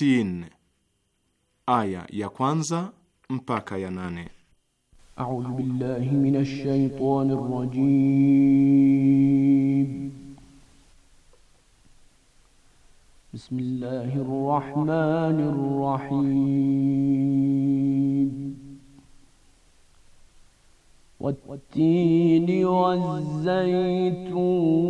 sitini aya ya kwanza mpaka ya nane. A'udhu billahi minash shaitani rrajim. Bismillahir rahmanir rahim. والتين والزيتون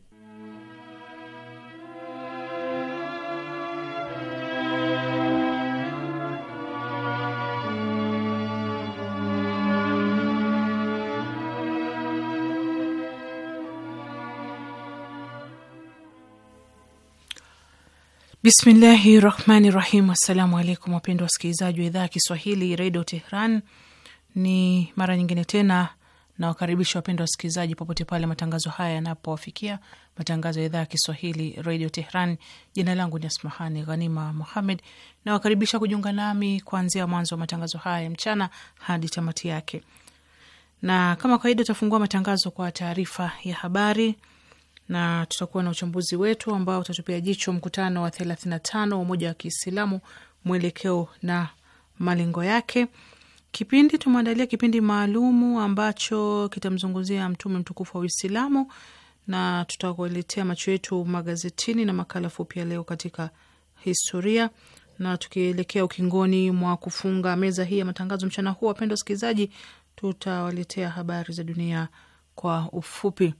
Bismillahi rahmani rahim. Assalamu alaikum wapendwa wasikilizaji wa idhaa ya Kiswahili redio Tehran. Ni mara nyingine tena nawakaribisha wapendwa wasikilizaji popote pale matangazo haya yanapowafikia, matangazo ya idhaa ya Kiswahili redio Tehran. Jina langu ni Asmahani Ghanima Muhamed, nawakaribisha kujiunga nami kuanzia mwanzo wa matangazo haya mchana hadi tamati yake, na kama kawaida utafungua matangazo kwa taarifa ya habari na tutakuwa na uchambuzi wetu ambao utatupia jicho mkutano wa 35 wa Umoja wa Kiislamu, mwelekeo na malengo yake. Kipindi tumeandalia kipindi maalumu ambacho kitamzungumzia Mtume mtukufu wa Uislamu, na tutakuletea macho yetu magazetini na makala fupi ya leo katika historia na tukielekea ukingoni mwa kufunga meza hii ya matangazo mchana huu, wapendwa wasikilizaji, tutawaletea habari za dunia kwa ufupi.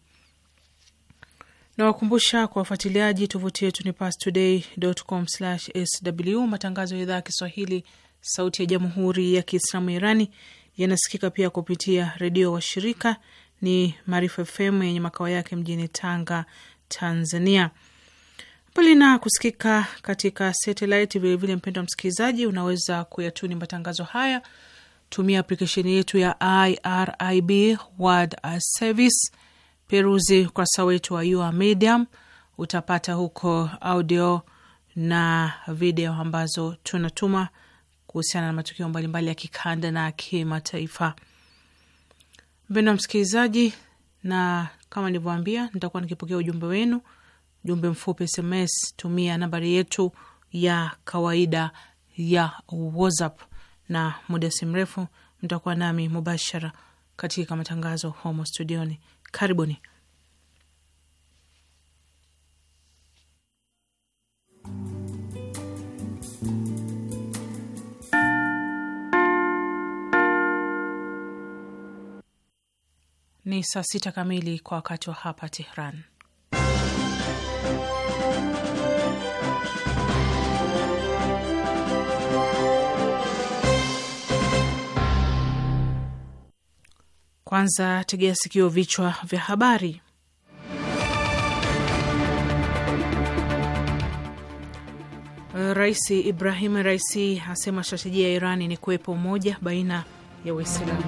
Nawakumbusha kwa wafuatiliaji, tovuti yetu ni pastoday.com/sw. Matangazo ya idhaa ya Kiswahili sauti ya jamhuri ya Kiislamu ya Irani yanasikika pia kupitia redio washirika ni Maarifa FM yenye makao yake mjini Tanga, Tanzania, mbali na kusikika katika satelaiti. Vilevile, wa msikilizaji, unaweza kuyatuni matangazo haya, tumia aplikesheni yetu ya IRIB World Service peruzi ukurasa wetu wa UR Medium, utapata huko audio na video ambazo tunatuma kuhusiana na matukio mbalimbali mbali ya kikanda na kimataifa. Mpendwa msikilizaji, na kama nilivyoambia, nitakuwa nikipokea ujumbe wenu, ujumbe mfupi SMS. Tumia nambari yetu ya kawaida ya WhatsApp, na muda si mrefu mtakuwa nami mubashara katika matangazo homo studioni. Karibuni. Ni saa sita kamili kwa wakati wa hapa Tehran. Kwanza tegea sikio, vichwa vya habari. Rais Ibrahim Raisi asema strategia ya Irani ni kuwepo umoja baina ya Waislamu.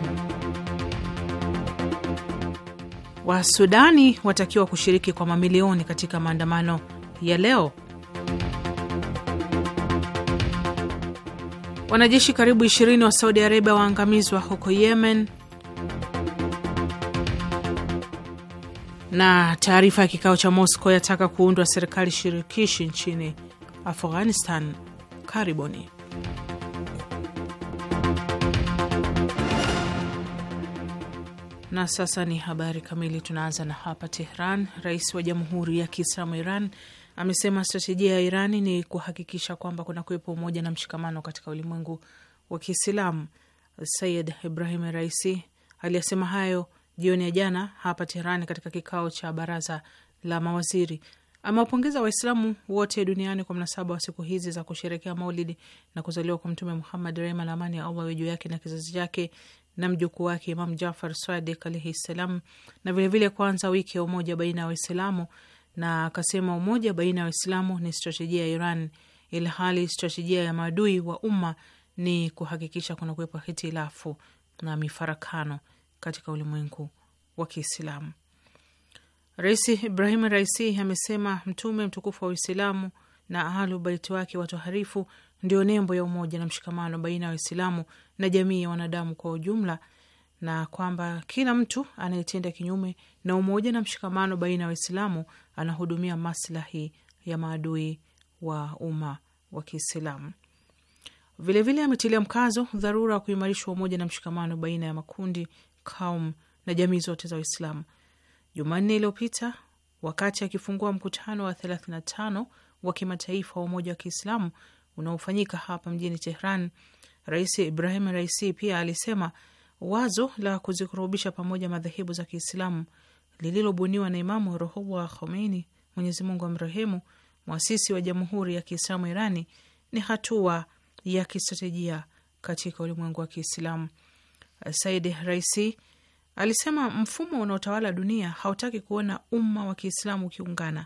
Wasudani watakiwa kushiriki kwa mamilioni katika maandamano ya leo. Wanajeshi karibu 20 wa Saudi Arabia waangamizwa huko Yemen. Na taarifa ya kikao cha Moscow yataka kuundwa serikali shirikishi nchini Afghanistan. Karibuni. Na sasa ni habari kamili. Tunaanza na hapa Tehran. Rais wa Jamhuri ya Kiislamu Iran amesema stratejia ya Irani ni kuhakikisha kwamba kuna kuwepo umoja na mshikamano katika ulimwengu wa Kiislamu. Sayid Ibrahim Raisi aliyasema hayo jioni ya jana hapa Teherani katika kikao cha baraza la mawaziri. Amewapongeza Waislamu wote duniani kwa mnasaba wa siku hizi za kusherekea Maulidi na kuzaliwa kwa Mtume Muhammad, rehma na amani ya Allah juu yake na kizazi chake na mjukuu wake Imam Jafar Sadik alaihi ssalam, na vilevile kuanza wiki ya umoja baina ya Waislamu, na akasema umoja baina ya Waislamu ni stratejia ya Iran ilhali stratejia ya maadui wa umma ni kuhakikisha kuna kuwepo hitilafu na mifarakano katika ulimwengu wa Kiislamu. Rais Ibrahim Raisi amesema mtume mtukufu wa Uislamu na Ahlu Baiti wake watoharifu ndio nembo ya umoja na mshikamano baina ya Waislamu na jamii ya wanadamu kwa ujumla, na kwamba kila mtu anayetenda kinyume na umoja na mshikamano baina ya Waislamu anahudumia maslahi ya maadui wa umma wa Kiislamu. Vilevile ametilia mkazo dharura wa kuimarishwa umoja na mshikamano baina ya makundi Kaum na jamii zote za Waislamu Jumanne iliyopita wakati akifungua mkutano wa 35 wa kimataifa wa Umoja wa Kiislamu unaofanyika hapa mjini Tehran, Rais Ibrahim Raisi pia alisema wazo la kuzikurubisha pamoja madhehebu za Kiislamu lililobuniwa na Imamu Ruhullah Khomeini, Mwenyezi Mungu amrehemu, mwasisi wa Jamhuri ya Kiislamu Irani, ni hatua ya kistratejia katika ulimwengu wa Kiislamu. Said Raisi alisema mfumo unaotawala dunia hautaki kuona umma wa Kiislamu ukiungana,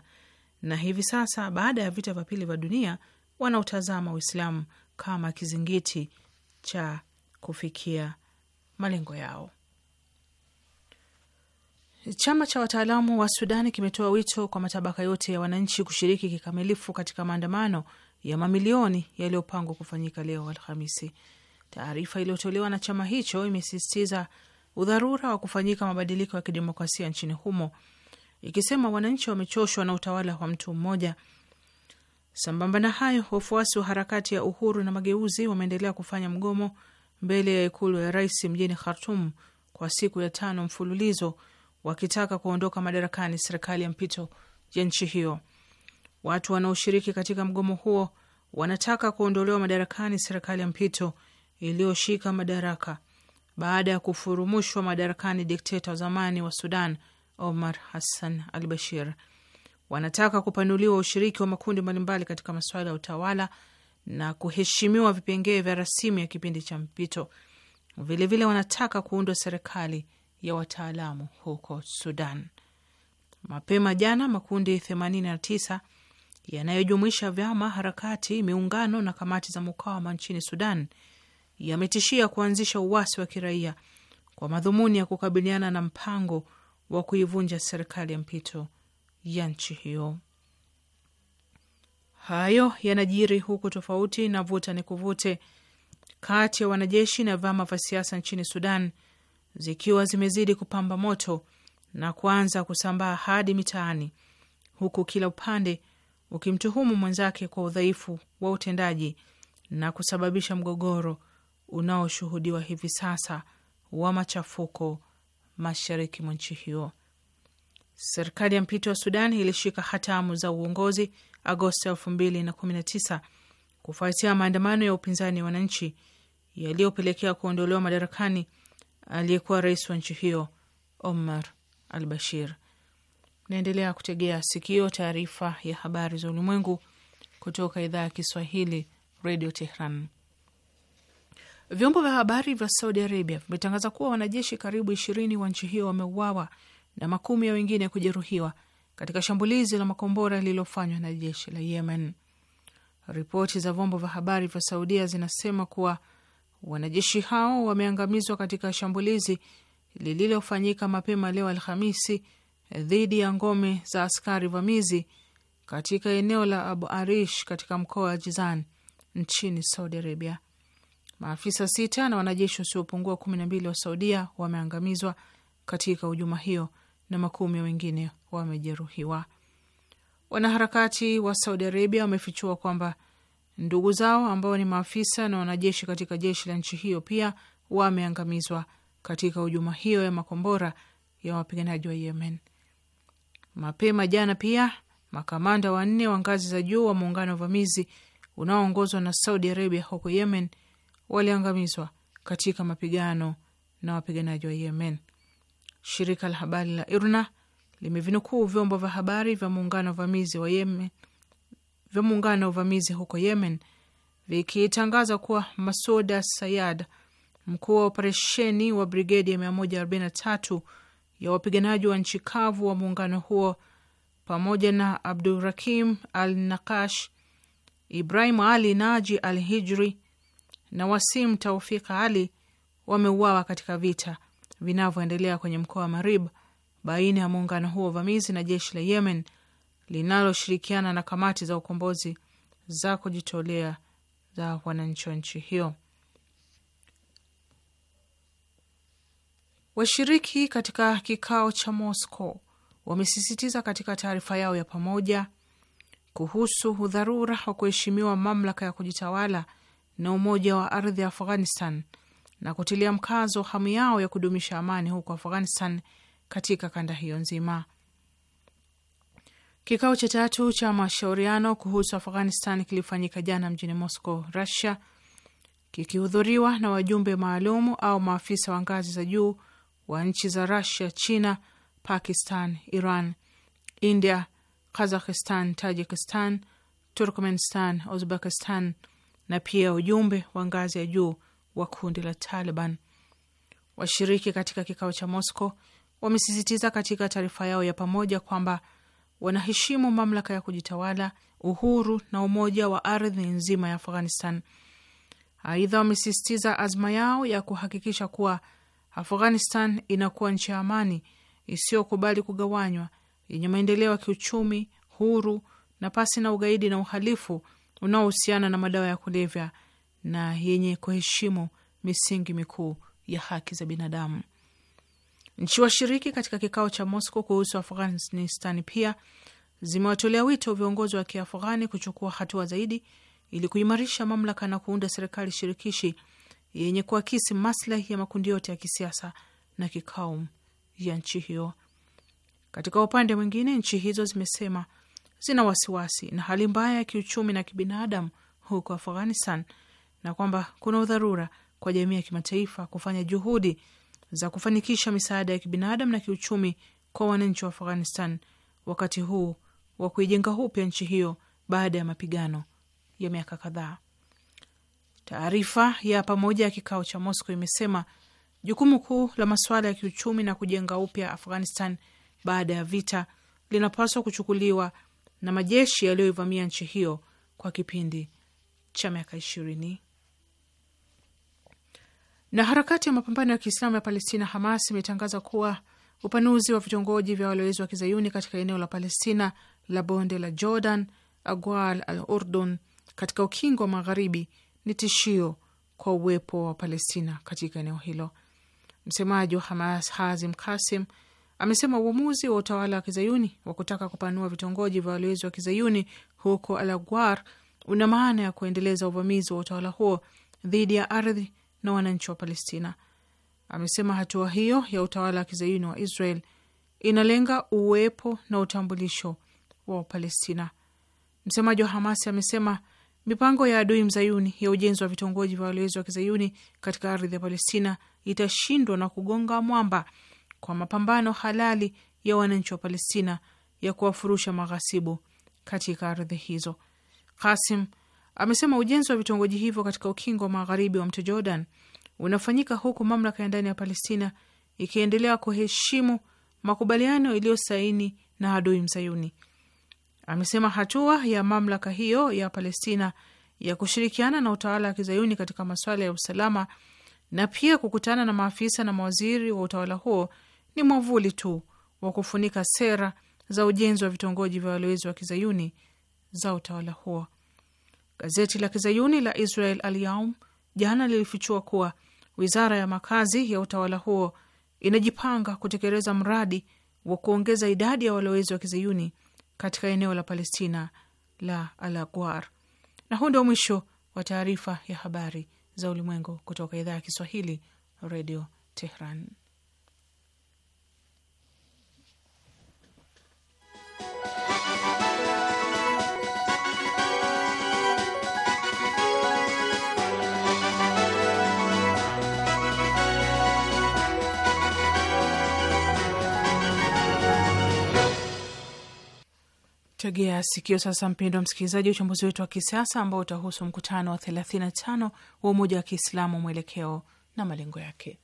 na hivi sasa baada ya vita vya pili vya dunia wanaotazama Uislamu kama kizingiti cha kufikia malengo yao. Chama cha wataalamu wa Sudani kimetoa wito kwa matabaka yote ya wananchi kushiriki kikamilifu katika maandamano ya mamilioni yaliyopangwa kufanyika leo Alhamisi. Taarifa iliyotolewa na chama hicho imesisitiza udharura wa kufanyika mabadiliko ya kidemokrasia nchini humo, ikisema wananchi wamechoshwa na utawala wa mtu mmoja. Sambamba na hayo, wafuasi wa harakati ya uhuru na mageuzi wameendelea kufanya mgomo mbele ya ikulu ya rais mjini Khartum kwa siku ya tano mfululizo, wakitaka kuondoka madarakani serikali ya mpito ya nchi hiyo. Watu wanaoshiriki katika mgomo huo wanataka kuondolewa madarakani serikali ya mpito iliyoshika madaraka baada ya kufurumushwa madarakani dikteta wa zamani wa Sudan Omar Hassan al Bashir. Wanataka kupanuliwa ushiriki wa makundi mbalimbali katika masuala ya utawala na kuheshimiwa vipengee vya rasimu ya kipindi cha mpito. Vilevile vile wanataka kuundwa serikali ya wataalamu huko Sudan. Mapema jana makundi 89 yanayojumuisha vyama, harakati, miungano na kamati za mukawama nchini Sudan yametishia kuanzisha uwasi wa kiraia kwa madhumuni ya kukabiliana na mpango wa kuivunja serikali ya mpito ya nchi hiyo. Hayo yanajiri huku tofauti na vuta ni kuvute kati ya wanajeshi na vyama vya siasa nchini Sudan zikiwa zimezidi kupamba moto na kuanza kusambaa hadi mitaani, huku kila upande ukimtuhumu mwenzake kwa udhaifu wa utendaji na kusababisha mgogoro unaoshuhudiwa hivi sasa wa machafuko mashariki mwa nchi hiyo. Serikali ya mpito wa Sudan ilishika hatamu za uongozi Agosti elfu mbili na kumi na tisa kufuatia maandamano ya upinzani wananchi yaliyopelekea kuondolewa madarakani aliyekuwa rais wa nchi hiyo Omar al Bashir. Naendelea kutegea sikio taarifa ya habari za ulimwengu kutoka idhaa ya Kiswahili, Radio Tehran. Vyombo vya habari vya Saudi Arabia vimetangaza kuwa wanajeshi karibu ishirini wa nchi hiyo wameuawa na makumi ya wengine kujeruhiwa katika shambulizi la makombora lililofanywa na jeshi la Yemen. Ripoti za vyombo vya habari vya Saudia zinasema kuwa wanajeshi hao wameangamizwa katika shambulizi lililofanyika mapema leo Alhamisi dhidi ya ngome za askari vamizi katika eneo la Abu Arish katika mkoa wa Jizan nchini Saudi Arabia. Maafisa sita na wanajeshi wasiopungua kumi na mbili wa Saudia wameangamizwa katika hujuma hiyo na makumi wengine wamejeruhiwa. Wanaharakati wa Saudi Arabia wamefichua kwamba ndugu zao ambao ni maafisa na wanajeshi katika jeshi la nchi hiyo pia wameangamizwa katika hujuma hiyo ya makombora ya wapiganaji wa Yemen. Mapema jana pia makamanda wanne wa ngazi za juu wa muungano wa uvamizi unaoongozwa na Saudi Arabia huko Yemen waliangamizwa katika mapigano na wapiganaji wa Yemen. Shirika la habari la IRNA limevinukuu vyombo vya habari vya muungano wa Yemen vya muungano wa uvamizi huko Yemen vikitangaza kuwa Masuda Sayad, mkuu wa operesheni wa brigedi ya 143 ya wapiganaji wa nchi kavu wa muungano huo, pamoja na Abdurakim al Nakash, Ibrahim Ali Naji al Hijri na Wasim Taufika Ali wameuawa katika vita vinavyoendelea kwenye mkoa wa Marib baina ya muungano huo uvamizi na jeshi la Yemen linaloshirikiana na kamati za ukombozi za kujitolea za wananchi wa nchi hiyo. Washiriki katika kikao cha Moscow wamesisitiza katika taarifa yao ya pamoja kuhusu udharura wa kuheshimiwa mamlaka ya kujitawala na umoja wa ardhi ya Afghanistan na kutilia mkazo hamu yao ya kudumisha amani huko Afghanistan katika kanda hiyo nzima. Kikao cha tatu cha mashauriano kuhusu Afghanistan kilifanyika jana mjini Moscow, Russia, kikihudhuriwa na wajumbe maalumu au maafisa wa ngazi za juu wa nchi za Russia, China, Pakistan, Iran, India, Kazakhstan, Tajikistan, Turkmenistan, Uzbekistan, na pia ujumbe wa ngazi ya juu wa kundi la Taliban. Washiriki katika kikao cha Moscow wamesisitiza katika taarifa yao ya pamoja kwamba wanaheshimu mamlaka ya kujitawala, uhuru na umoja wa ardhi nzima ya Afghanistan. Aidha, wamesisitiza azma yao ya kuhakikisha kuwa Afghanistan inakuwa nchi ya amani isiyokubali kugawanywa, yenye maendeleo ya kiuchumi huru na pasi na ugaidi na uhalifu unaohusiana na madawa ya kulevya na yenye kuheshimu misingi mikuu ya haki za binadamu. Nchi washiriki katika kikao cha Moscow kuhusu Afghanistan pia zimewatolea wito viongozi wa Kiafghani kuchukua hatua zaidi ili kuimarisha mamlaka na kuunda serikali shirikishi yenye kuakisi maslahi ya makundi yote ya kisiasa na kikaum ya nchi hiyo. Katika upande mwingine, nchi hizo zimesema zina wasiwasi na hali mbaya ya kiuchumi na kibinadamu huko Afghanistan na kwamba kuna udharura kwa jamii ya kimataifa kufanya juhudi za kufanikisha misaada ya kibinadamu na kiuchumi kwa wananchi wa Afghanistan wakati huu wa kuijenga upya nchi hiyo baada ya mapigano ya miaka kadhaa. Taarifa ya pamoja ya kikao cha Moscow imesema jukumu kuu la masuala ya kiuchumi na kujenga upya Afghanistan baada ya vita linapaswa kuchukuliwa na majeshi yaliyoivamia nchi hiyo kwa kipindi cha miaka ishirini. Na harakati ya mapambano ya Kiislamu ya Palestina Hamas imetangaza kuwa upanuzi wa vitongoji vya walowezi wa kizayuni katika eneo la Palestina la bonde la Jordan, Agwal al Urdun, katika ukingo wa magharibi ni tishio kwa uwepo wa Palestina katika eneo hilo. Msemaji wa Hamas Hazim Kasim amesema uamuzi wa utawala wa kizayuni wa kutaka kupanua vitongoji vya walowezi wa kizayuni huko Alaguar una maana ya kuendeleza uvamizi wa utawala huo dhidi ya ardhi na wananchi wa Palestina. Amesema hatua hiyo ya utawala wa kizayuni wa Israel inalenga uwepo na utambulisho wa Wapalestina. Msemaji wa hamas amesema mipango ya adui mzayuni ya ujenzi wa vitongoji vya walowezi wa kizayuni katika ardhi ya Palestina itashindwa na kugonga mwamba kwa mapambano halali ya wananchi wa Palestina ya kuwafurusha maghasibu katika ardhi hizo. Kasim amesema ujenzi wa vitongoji hivyo katika ukingo wa magharibi wa mto Jordan unafanyika huku mamlaka ya ndani ya Palestina ikiendelea kuheshimu makubaliano iliyosaini na adui mzayuni. Amesema hatua ya mamlaka hiyo ya Palestina ya kushirikiana na utawala wa kizayuni katika masuala ya usalama na pia kukutana na maafisa na mawaziri wa utawala huo ni mwavuli tu wa kufunika sera za ujenzi wa vitongoji vya walowezi wa kizayuni za utawala huo. Gazeti la kizayuni la Israel Alyaum jana lilifichua kuwa wizara ya makazi ya utawala huo inajipanga kutekeleza mradi wa kuongeza idadi ya walowezi wa kizayuni katika eneo la Palestina la Alaguar. Na huu ndio mwisho wa taarifa ya habari za ulimwengu kutoka idhaa ya Kiswahili, Redio Tehran. Tegea sikio sasa, mpindo wa msikilizaji, uchambuzi wetu wa kisiasa ambao utahusu mkutano wa 35 wa Umoja wa Kiislamu, mwelekeo na malengo yake.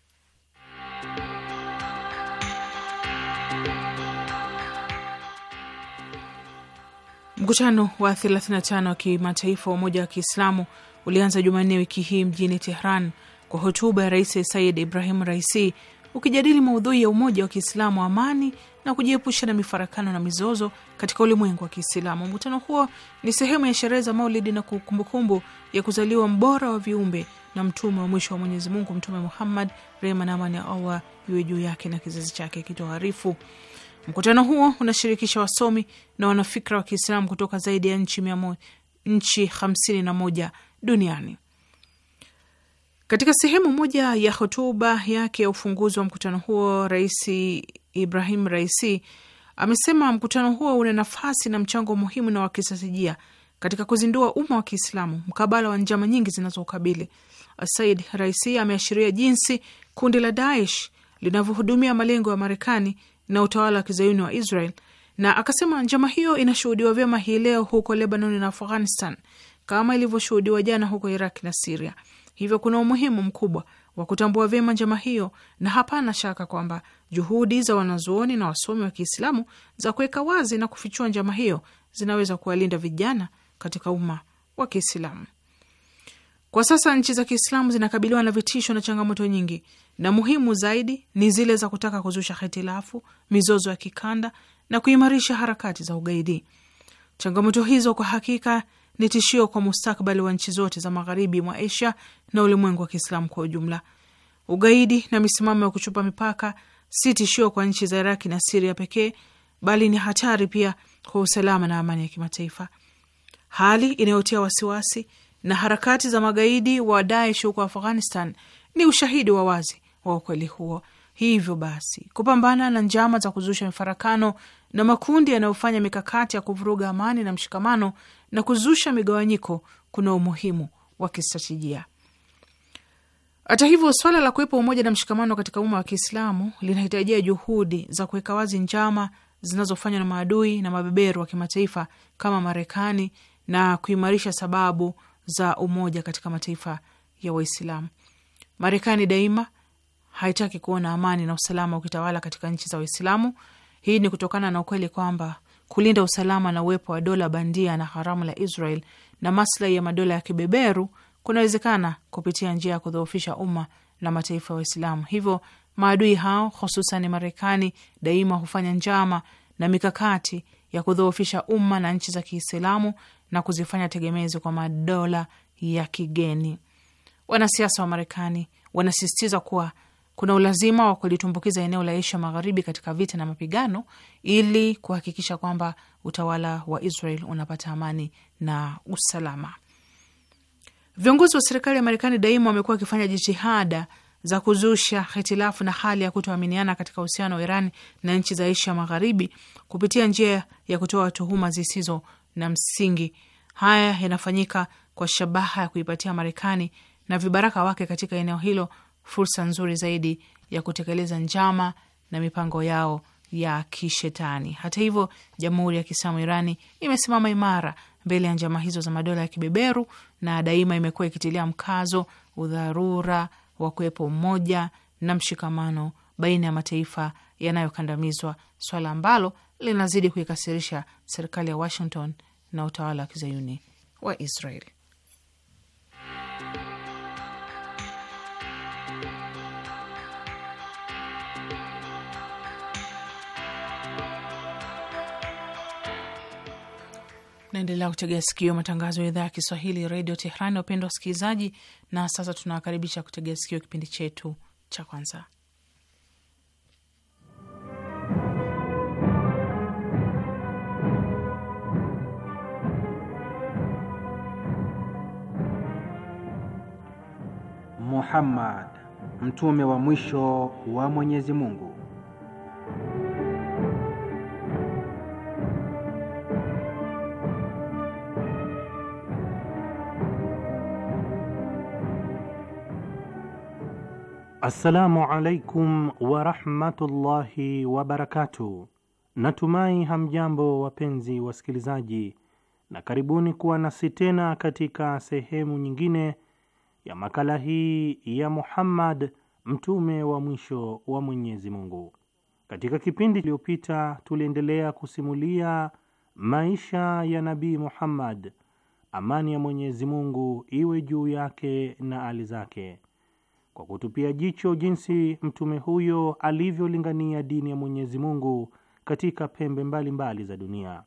Mkutano wa 35 wa kimataifa wa Umoja wa Kiislamu ulianza Jumanne wiki hii mjini Tehran kwa hotuba ya Rais Sayyid Ibrahim Raisi ukijadili maudhui ya umoja wa Kiislamu, amani na kujiepusha na mifarakano na mizozo katika ulimwengu wa Kiislamu. Mkutano huo ni sehemu ya sherehe za Maulidi na kumbukumbu ya kuzaliwa mbora wa viumbe na mtume wa mwisho wa Mwenyezi Mungu, Mtume Muhammad, rehma na amani ya Allah iwe juu yake na kizazi chake kitoharifu. Mkutano huo unashirikisha wasomi na wanafikra wa Kiislamu kutoka zaidi ya nchi mia moja, nchi hamsini na moja duniani. Katika sehemu moja ya hotuba yake ya ufunguzi wa mkutano huo, Rais Ibrahim Raisi amesema mkutano huo una nafasi na mchango muhimu na wa kistratejia katika kuzindua umma wa Kiislamu mkabala wa njama nyingi zinazoukabili. Said Raisi ameashiria jinsi kundi la Daesh linavyohudumia malengo ya Marekani na utawala wa kizayuni wa Israel, na akasema njama hiyo inashuhudiwa vyema hii leo huko Lebanon na Afghanistan kama ilivyoshuhudiwa jana huko Iraq na Siria. Hivyo kuna umuhimu mkubwa wa kutambua vyema njama hiyo, na hapana shaka kwamba juhudi za wanazuoni na wasomi wa Kiislamu za kuweka wazi na kufichua njama hiyo zinaweza kuwalinda vijana katika umma wa Kiislamu. Kwa sasa nchi za Kiislamu zinakabiliwa na vitisho na changamoto nyingi, na muhimu zaidi ni zile za kutaka kuzusha hitilafu, mizozo ya kikanda na kuimarisha harakati za ugaidi. Changamoto hizo kwa hakika ni tishio kwa mustakbali wa nchi zote za magharibi mwa Asia na ulimwengu wa Kiislamu kwa ujumla. Ugaidi na misimamo ya kuchupa mipaka si tishio kwa nchi za Iraki na Siria pekee, bali ni hatari pia kwa usalama na amani ya kimataifa, hali inayotia wasiwasi. Na harakati za magaidi wa Daesh huko Afghanistan ni ushahidi wa wazi wa ukweli huo. Hivyo basi kupambana na njama za kuzusha mifarakano na makundi yanayofanya mikakati ya kuvuruga amani na mshikamano na kuzusha migawanyiko kuna umuhimu wa kistratejia. Hata hivyo, swala la kuwepo umoja na mshikamano katika umma wa Kiislamu linahitajia juhudi za kuweka wazi njama zinazofanywa na maadui na mabeberu wa kimataifa kama Marekani na kuimarisha sababu za umoja katika mataifa ya Waislamu. Marekani daima haitaki kuona amani na usalama ukitawala katika nchi za Waislamu. Hii ni kutokana na ukweli kwamba kulinda usalama na uwepo wa dola bandia na haramu la Israel na maslahi ya madola ya kibeberu kunawezekana kupitia njia ya kudhoofisha umma na mataifa ya Waislamu. Hivyo maadui hao hususan Marekani daima hufanya njama na mikakati ya kudhoofisha umma na nchi za Kiislamu na kuzifanya tegemezi kwa madola ya kigeni. Wanasiasa wa Marekani wanasisitiza kuwa kuna ulazima wa kulitumbukiza eneo la Asia Magharibi katika vita na mapigano ili kuhakikisha kwamba utawala wa Israel unapata amani na usalama. Viongozi wa serikali ya Marekani daima wamekuwa wakifanya jitihada za kuzusha hitilafu na hali ya kutoaminiana katika uhusiano wa Iran na nchi za Asia Magharibi kupitia njia ya kutoa tuhuma zisizo na msingi. Haya yanafanyika kwa shabaha ya kuipatia Marekani na vibaraka wake katika eneo hilo fursa nzuri zaidi ya kutekeleza njama na mipango yao ya kishetani. Hata hivyo, Jamhuri ya Kiislamu Irani imesimama imara mbele ya njama hizo za madola ya kibeberu na daima imekuwa ikitilia mkazo udharura wa kuwepo umoja na mshikamano baina ya mataifa yanayokandamizwa, swala ambalo linazidi kuikasirisha serikali ya Washington na utawala wa kizayuni wa Israeli. Naendelea kutegea sikio matangazo ya idhaa ya Kiswahili redio Tehrani, wapendwa wasikilizaji. Na sasa tunawakaribisha kutegea sikio kipindi chetu cha kwanza, Muhammad mtume wa mwisho wa Mwenyezi Mungu. Assalamu alaikum warahmatullahi wabarakatu Natumai hamjambo wapenzi wasikilizaji, na karibuni kuwa nasi tena katika sehemu nyingine ya makala hii ya Muhammad mtume wa mwisho wa Mwenyezi Mungu. Katika kipindi iliyopita tuliendelea kusimulia maisha ya Nabii Muhammad, amani ya Mwenyezi Mungu iwe juu yake na ali zake kwa kutupia jicho jinsi mtume huyo alivyolingania dini ya Mwenyezi Mungu katika pembe mbalimbali mbali za dunia.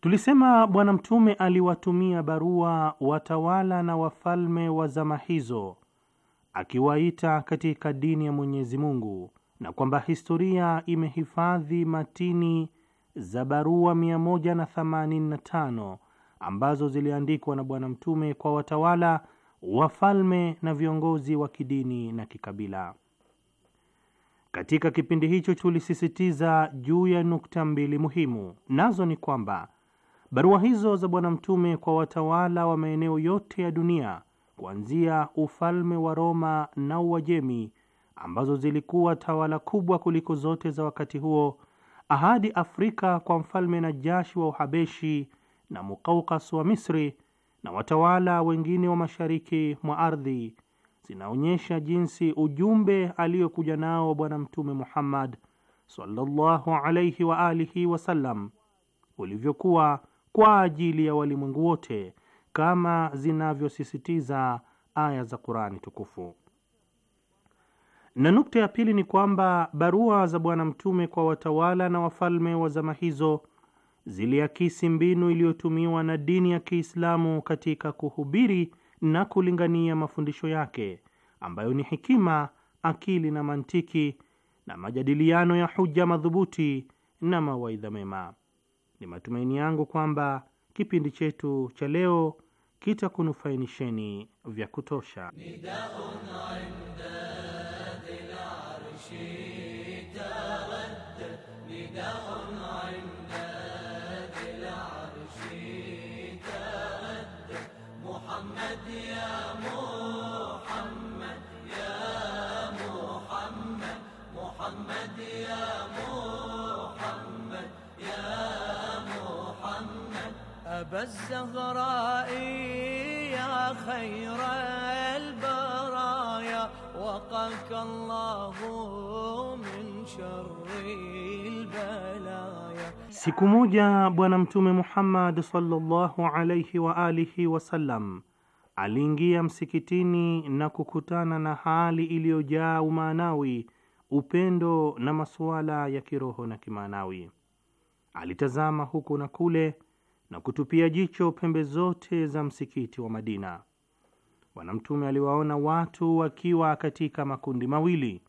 Tulisema Bwana Mtume aliwatumia barua watawala na wafalme wa zama hizo akiwaita katika dini ya Mwenyezi Mungu na kwamba historia imehifadhi matini za barua 185 ambazo ziliandikwa na Bwana Mtume kwa watawala wafalme na viongozi wa kidini na kikabila. Katika kipindi hicho tulisisitiza juu ya nukta mbili muhimu, nazo ni kwamba barua hizo za Bwana Mtume kwa watawala wa maeneo yote ya dunia kuanzia ufalme wa Roma na Uajemi, ambazo zilikuwa tawala kubwa kuliko zote za wakati huo, ahadi Afrika kwa mfalme Najashi wa Uhabeshi na Mukaukas wa Misri na watawala wengine wa mashariki mwa ardhi zinaonyesha jinsi ujumbe aliyokuja nao Bwana Mtume Muhammad sallallahu alayhi wa alihi wasallam ulivyokuwa kwa ajili ya walimwengu wote kama zinavyosisitiza aya za Qur'ani tukufu. Na nukta ya pili ni kwamba barua za Bwana Mtume kwa watawala na wafalme wa zama hizo ziliakisi mbinu iliyotumiwa na dini ya Kiislamu katika kuhubiri na kulingania mafundisho yake ambayo ni hikima akili na mantiki, na majadiliano ya hoja madhubuti na mawaidha mema. Ni matumaini yangu kwamba kipindi chetu cha leo kitakunufainisheni vya kutosha. يا خير البرايا وقاك الله من شر البلايا Siku moja Bwana Mtume Muhammad sallallahu alayhi wa alihi wasallam aliingia msikitini na kukutana na hali iliyojaa umaanawi, upendo na masuala ya kiroho na kimaanawi. Alitazama huku na kule na kutupia jicho pembe zote za msikiti wa Madina. Bwana Mtume aliwaona watu wakiwa katika makundi mawili.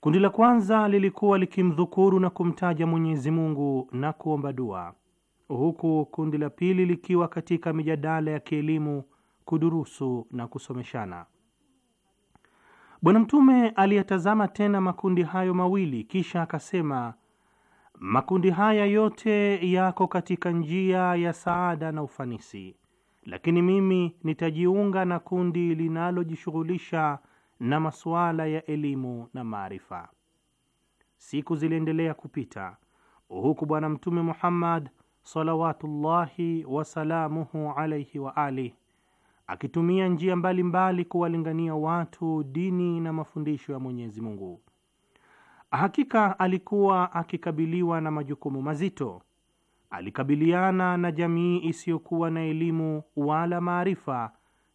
Kundi la kwanza lilikuwa likimdhukuru na kumtaja Mwenyezi Mungu na kuomba dua, huku kundi la pili likiwa katika mijadala ya kielimu, kudurusu na kusomeshana. Bwana Mtume aliyatazama tena makundi hayo mawili, kisha akasema Makundi haya yote yako katika njia ya saada na ufanisi, lakini mimi nitajiunga na kundi linalojishughulisha na masuala ya elimu na maarifa. Siku ziliendelea kupita huku Bwana Mtume Muhammad salawatullahi wasalamuhu alaihi wa alih akitumia njia mbalimbali kuwalingania watu dini na mafundisho ya Mwenyezi Mungu. Hakika alikuwa akikabiliwa na majukumu mazito. Alikabiliana na jamii isiyokuwa na elimu wala maarifa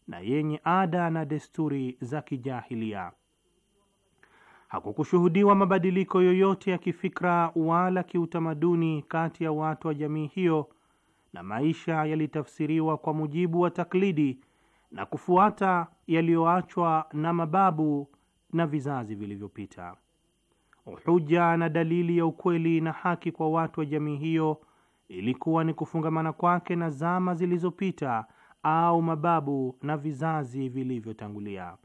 na yenye ada na desturi za kijahilia. Hakukushuhudiwa mabadiliko yoyote ya kifikra wala kiutamaduni kati ya watu wa jamii hiyo, na maisha yalitafsiriwa kwa mujibu wa taklidi na kufuata yaliyoachwa na mababu na vizazi vilivyopita huja na dalili ya ukweli na haki kwa watu wa jamii hiyo ilikuwa ni kufungamana kwake na zama zilizopita au mababu na vizazi vilivyotangulia.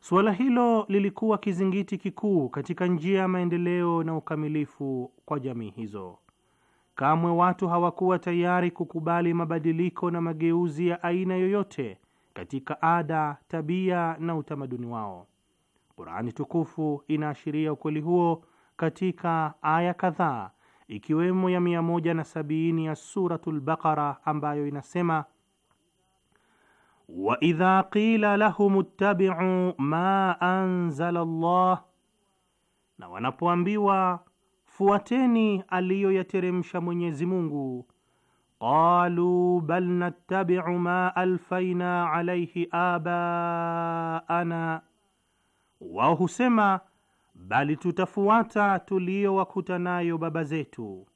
Suala hilo lilikuwa kizingiti kikuu katika njia ya maendeleo na ukamilifu kwa jamii hizo. Kamwe watu hawakuwa tayari kukubali mabadiliko na mageuzi ya aina yoyote katika ada, tabia na utamaduni wao. Qurani tukufu inaashiria ukweli huo katika aya kadhaa ikiwemo ya 170 ya Suratul Baqara ambayo inasema wa idha qila lahum ittabi'u ma anzala Allah, na wanapoambiwa fuateni aliyoyateremsha Mwenyezi Mungu, qalu bal nattabi'u ma alfaina alayhi abaana, wao husema bali tutafuata tuliyowakuta nayo baba zetu.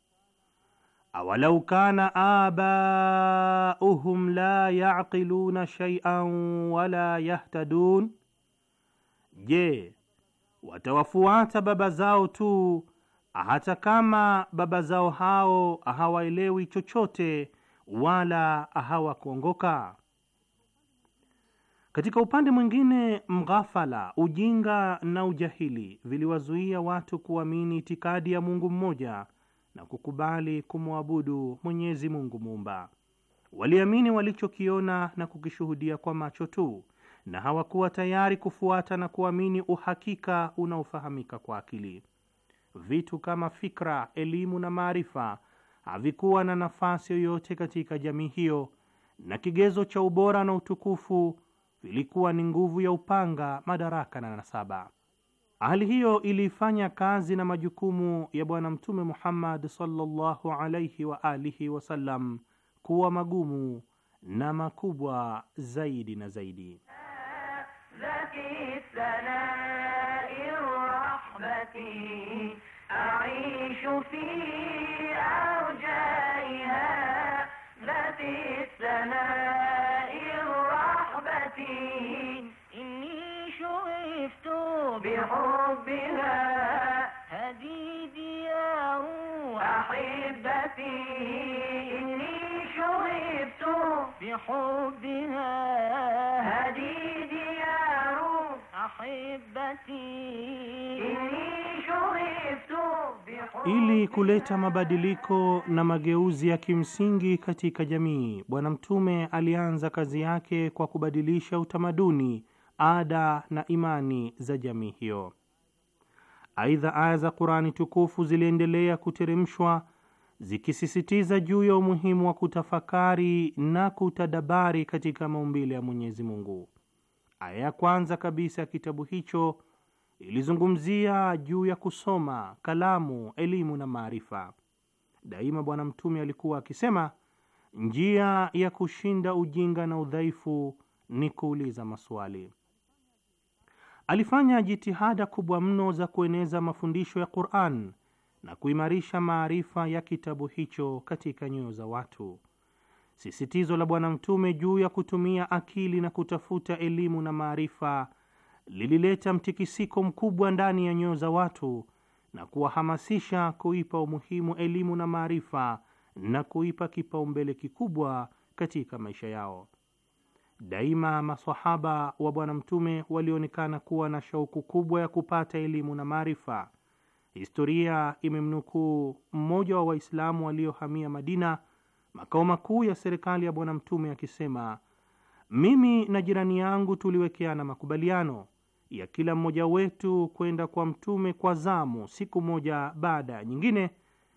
Awalau kana abauhum la yaqiluna shay'an wala yahtadun, je, watawafuata baba zao tu hata kama baba zao hao hawaelewi chochote wala hawakuongoka? Katika upande mwingine, mghafala, ujinga na ujahili viliwazuia watu kuamini itikadi ya Mungu mmoja na kukubali kumwabudu Mwenyezi Mungu Muumba. Waliamini walichokiona na kukishuhudia kwa macho tu, na hawakuwa tayari kufuata na kuamini uhakika unaofahamika kwa akili. Vitu kama fikra, elimu na maarifa havikuwa na nafasi yoyote katika jamii hiyo, na kigezo cha ubora na utukufu vilikuwa ni nguvu ya upanga, madaraka na nasaba. Hali hiyo iliifanya kazi na majukumu ya Bwana Mtume Muhammad sallallahu alaihi wa alihi wasallam kuwa magumu na makubwa zaidi na zaidi. صحبتي إني شغفت بحبها هديدي ديار أحبتي إني شغفت بحبها هديدي Ili kuleta mabadiliko na mageuzi ya kimsingi katika jamii, Bwana Mtume alianza kazi yake kwa kubadilisha utamaduni, ada na imani za jamii hiyo. Aidha, aya za Kurani tukufu ziliendelea kuteremshwa zikisisitiza juu ya umuhimu wa kutafakari na kutadabari katika maumbile ya Mwenyezi Mungu. Aya ya kwanza kabisa ya kitabu hicho ilizungumzia juu ya kusoma, kalamu, elimu na maarifa. Daima Bwana Mtume alikuwa akisema, njia ya kushinda ujinga na udhaifu ni kuuliza maswali. Alifanya jitihada kubwa mno za kueneza mafundisho ya Qur'an na kuimarisha maarifa ya kitabu hicho katika nyoyo za watu. Sisitizo la Bwana Mtume juu ya kutumia akili na kutafuta elimu na maarifa lilileta mtikisiko mkubwa ndani ya nyoyo za watu na kuwahamasisha kuipa umuhimu elimu na maarifa na kuipa kipaumbele kikubwa katika maisha yao. Daima masahaba wa Bwana Mtume walionekana kuwa na shauku kubwa ya kupata elimu na maarifa. Historia imemnukuu mmoja wa Waislamu waliohamia Madina makao makuu ya serikali ya Bwana Mtume akisema, mimi na jirani yangu tuliwekeana makubaliano ya kila mmoja wetu kwenda kwa Mtume kwa zamu siku moja baada ya nyingine,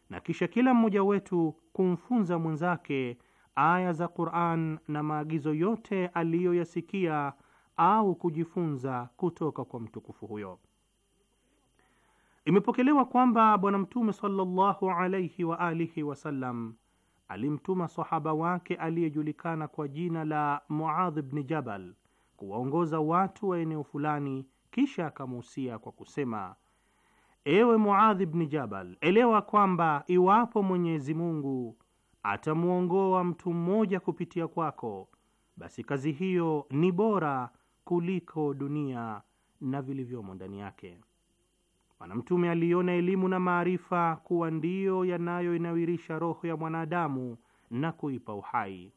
na kisha kila mmoja wetu kumfunza mwenzake aya za Qur'an na maagizo yote aliyoyasikia au kujifunza kutoka kwa mtukufu huyo. Imepokelewa kwamba Bwana Mtume sallallahu alayhi wa alihi wasallam alimtuma sahaba wake aliyejulikana kwa jina la Muadh bni Jabal kuwaongoza watu wa eneo fulani, kisha akamuhusia kwa kusema, ewe Muadh bni Jabal, elewa kwamba iwapo Mwenyezi Mungu atamwongoa mtu mmoja kupitia kwako, basi kazi hiyo ni bora kuliko dunia na vilivyomo ndani yake. Bwana Mtume aliona elimu na maarifa kuwa ndiyo yanayoinawirisha roho ya mwanadamu na kuipa uhai.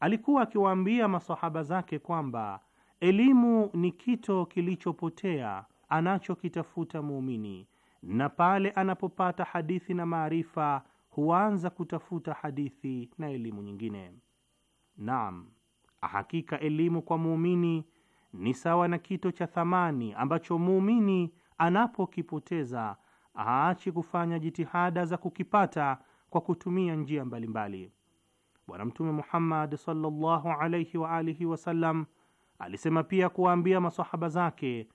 Alikuwa akiwaambia masahaba zake kwamba elimu ni kito kilichopotea anachokitafuta muumini, na pale anapopata hadithi na maarifa huanza kutafuta hadithi na elimu nyingine. Naam, hakika elimu kwa muumini ni sawa na kito cha thamani ambacho muumini anapokipoteza aachi kufanya jitihada za kukipata kwa kutumia njia mbalimbali. Bwana Mtume Muhammad sallallahu alayhi wa alihi wasallam alisema pia kuwaambia masahaba zake,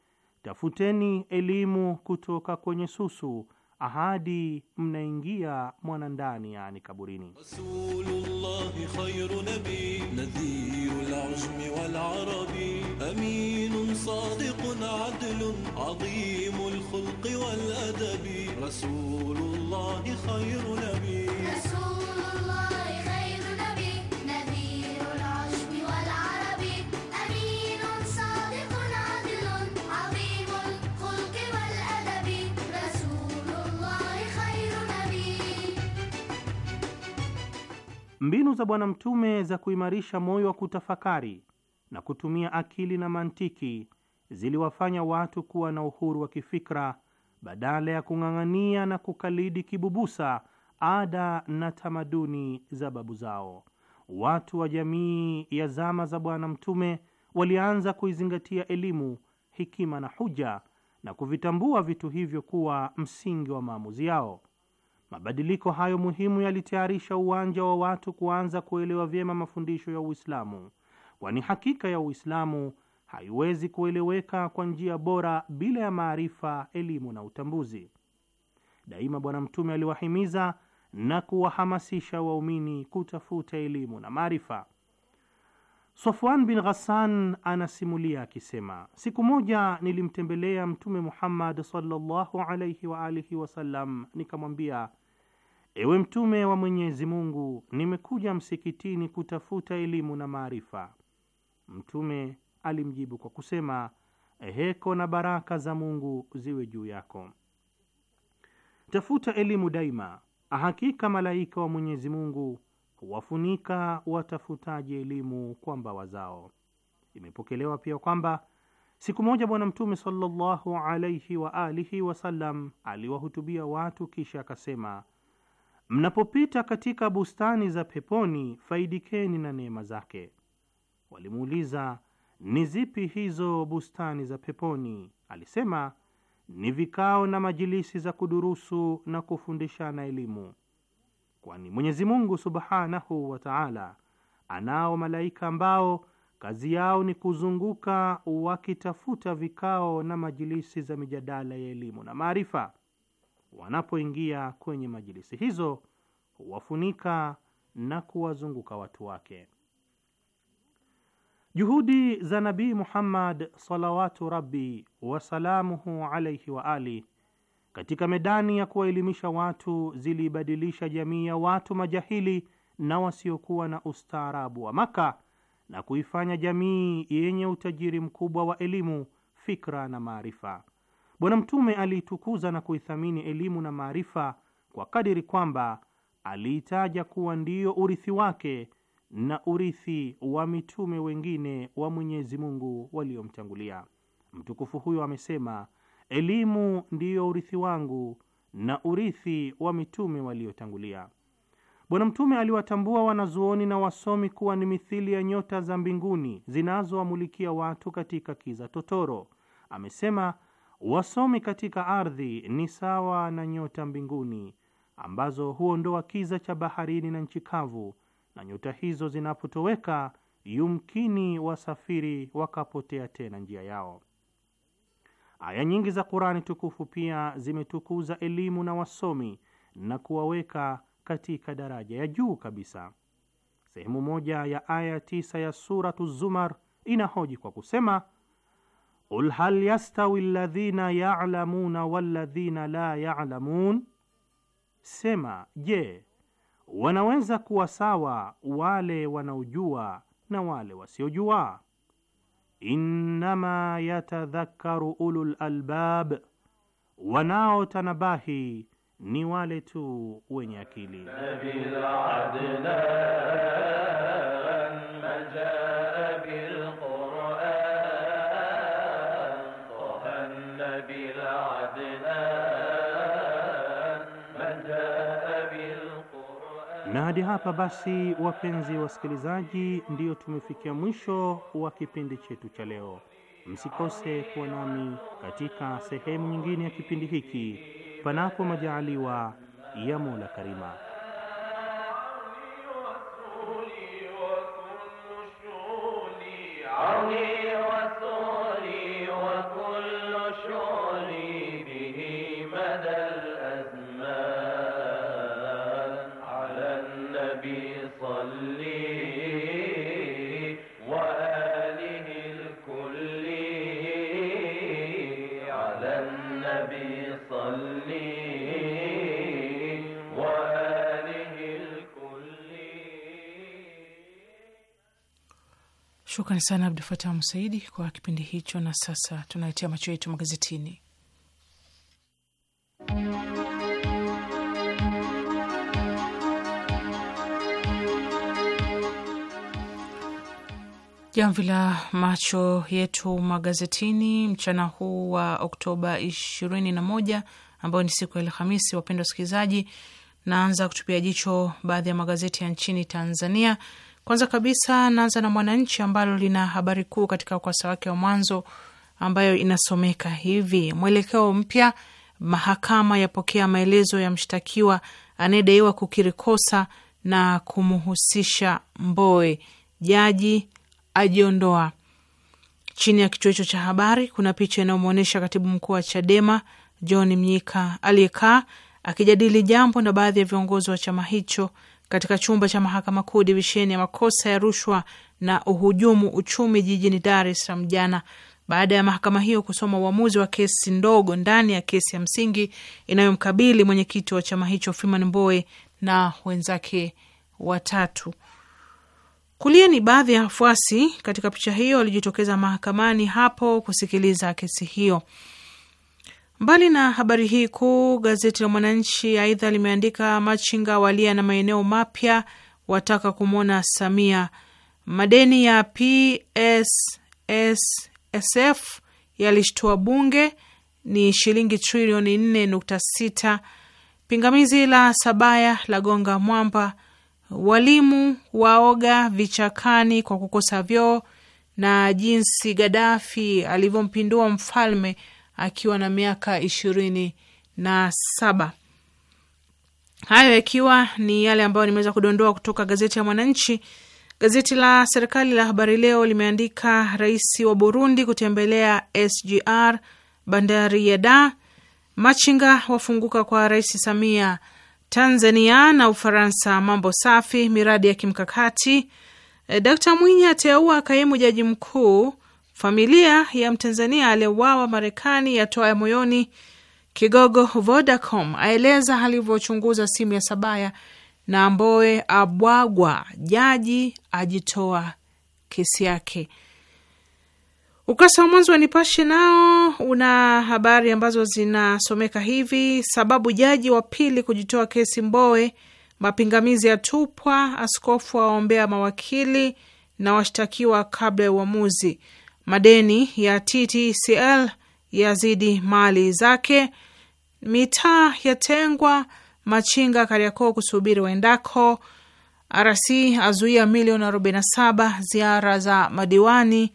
tafuteni elimu kutoka kwenye susu ahadi mnaingia mwanandani, yani kaburini. Rasulullah khairu عدل عظيم الخلق والأدب رسول الله خير نبي رسول الله خير نبي نذير العجم والعرب أمين صادق عدل عظيم الخلق والأدب رسول الله خير نبي Mbinu za Bwana Mtume za kuimarisha moyo wa kutafakari na kutumia akili na mantiki ziliwafanya watu kuwa na uhuru wa kifikra badala ya kung'ang'ania na kukalidi kibubusa ada na tamaduni za babu zao. Watu wa jamii ya zama za Bwana Mtume walianza kuizingatia elimu, hikima na huja na kuvitambua vitu hivyo kuwa msingi wa maamuzi yao. Mabadiliko hayo muhimu yalitayarisha uwanja wa watu kuanza kuelewa vyema mafundisho ya Uislamu, kwani hakika ya Uislamu haiwezi kueleweka kwa njia bora bila ya maarifa, elimu na utambuzi. Daima Bwana Mtume aliwahimiza na kuwahamasisha waumini kutafuta elimu na maarifa. sofwan bin Ghassan anasimulia akisema, siku moja nilimtembelea Mtume Muhammad sallallahu alayhi wa alihi wasallam, nikamwambia Ewe Mtume wa Mwenyezi Mungu, nimekuja msikitini kutafuta elimu na maarifa. Mtume alimjibu kwa kusema, heko na baraka za Mungu ziwe juu yako. Tafuta elimu daima, hakika malaika wa Mwenyezi Mungu huwafunika watafutaji elimu kwa mbawa zao. Imepokelewa pia kwamba siku moja Bwana Mtume sallallahu alaihi wa alihi wasallam aliwahutubia watu, kisha akasema, mnapopita katika bustani za peponi faidikeni na neema zake. Walimuuliza, ni zipi hizo bustani za peponi? Alisema ni vikao na majilisi za kudurusu na kufundishana elimu, kwani Mwenyezi Mungu Subhanahu wa Ta'ala anao malaika ambao kazi yao ni kuzunguka wakitafuta vikao na majilisi za mijadala ya elimu na maarifa. Wanapoingia kwenye majilisi hizo huwafunika na kuwazunguka watu wake. Juhudi za Nabii Muhammad salawatu rabi wasalamuhu alaihi wa ali katika medani ya kuwaelimisha watu ziliibadilisha jamii ya watu majahili na wasiokuwa na ustaarabu wa Maka na kuifanya jamii yenye utajiri mkubwa wa elimu, fikra na maarifa. Bwana Mtume aliitukuza na kuithamini elimu na maarifa kwa kadiri kwamba aliitaja kuwa ndiyo urithi wake na urithi wa mitume wengine wa Mwenyezi Mungu waliomtangulia. Mtukufu huyo amesema, elimu ndiyo urithi wangu na urithi wa mitume waliotangulia. Bwana Mtume aliwatambua wanazuoni na wasomi kuwa ni mithili ya nyota za mbinguni zinazowamulikia watu katika kiza totoro. Amesema, wasomi katika ardhi ni sawa na nyota mbinguni ambazo huondoa kiza cha baharini na nchi kavu na nyota hizo zinapotoweka, yumkini wasafiri wakapotea tena njia yao. Aya nyingi za Kurani tukufu pia zimetukuza elimu na wasomi na kuwaweka katika daraja ya juu kabisa. Sehemu moja ya aya tisa ya Suratu Zumar inahoji kwa kusema qul hal yastawi alladhina yalamuna walladhina la yalamun, sema je, wanaweza kuwa sawa wale wanaojua na wale wasiojua. Innama yatadhakkaru ulul albab, wanaotanabahi ni wale tu wenye akili. Hadi hapa basi, wapenzi wasikilizaji, ndiyo tumefikia mwisho wa kipindi chetu cha leo. Msikose kuwa nami katika sehemu nyingine ya kipindi hiki, panapo majaaliwa ya Mola Karima. Shukran sana Abdu Fatah Musaidi kwa kipindi hicho. Na sasa tunaletea macho yetu magazetini. Jamvi la macho yetu magazetini mchana huu wa Oktoba ishirini na moja ambayo ni siku ya Alhamisi. Wapendwa wasikilizaji, naanza kutupia jicho baadhi ya magazeti ya nchini Tanzania. Kwanza kabisa naanza na Mwananchi ambalo lina habari kuu katika ukurasa wake wa mwanzo ambayo inasomeka hivi: mwelekeo mpya, mahakama yapokea maelezo ya mshtakiwa anayedaiwa kukiri kosa na kumhusisha Mboe, jaji ajiondoa. Chini ya kichwa hicho cha habari kuna picha inayomwonyesha katibu mkuu wa Chadema John Mnyika aliyekaa akijadili jambo na baadhi ya viongozi wa chama hicho katika chumba cha mahakama kuu divisheni ya makosa ya rushwa na uhujumu uchumi jijini Dar es Salaam jana baada ya mahakama hiyo kusoma uamuzi wa kesi ndogo ndani ya kesi ya msingi inayomkabili mwenyekiti wa chama hicho Freeman Mbowe na wenzake watatu. Kulia ni baadhi ya wafuasi katika picha hiyo walijitokeza mahakamani hapo kusikiliza kesi hiyo. Mbali na habari hii kuu, gazeti la Mwananchi aidha limeandika machinga walia na maeneo mapya, wataka kumwona Samia. Madeni ya PSSSF yalishtua bunge, ni shilingi trilioni 4.6. Pingamizi la Sabaya la gonga mwamba. Walimu waoga vichakani kwa kukosa vyoo, na jinsi Gadafi alivyompindua mfalme akiwa na miaka ishirini na saba. Hayo yakiwa ni yale ambayo nimeweza kudondoa kutoka gazeti ya Mwananchi. Gazeti la serikali la Habari Leo limeandika rais wa Burundi kutembelea SGR bandari ya Da, machinga wafunguka kwa Rais Samia. Tanzania na Ufaransa mambo safi, miradi ya kimkakati. Eh, Dkt Mwinyi ateua kaimu jaji mkuu. Familia ya Mtanzania aliyeuawa Marekani yatoa ya moyoni. Kigogo Vodacom aeleza alivyochunguza simu ya Sabaya na Mboe abwagwa, jaji ajitoa kesi yake. Ukurasa wa mwanzo wa Nipashe nao una habari ambazo zinasomeka hivi: sababu jaji wa pili kujitoa kesi Mboe, mapingamizi yatupwa, askofu awaombea mawakili na washtakiwa kabla ya uamuzi Madeni ya TTCL yazidi mali zake. Mitaa yatengwa. Machinga Kariakoo kusubiri waendako. RC azuia milioni 47 ziara za madiwani.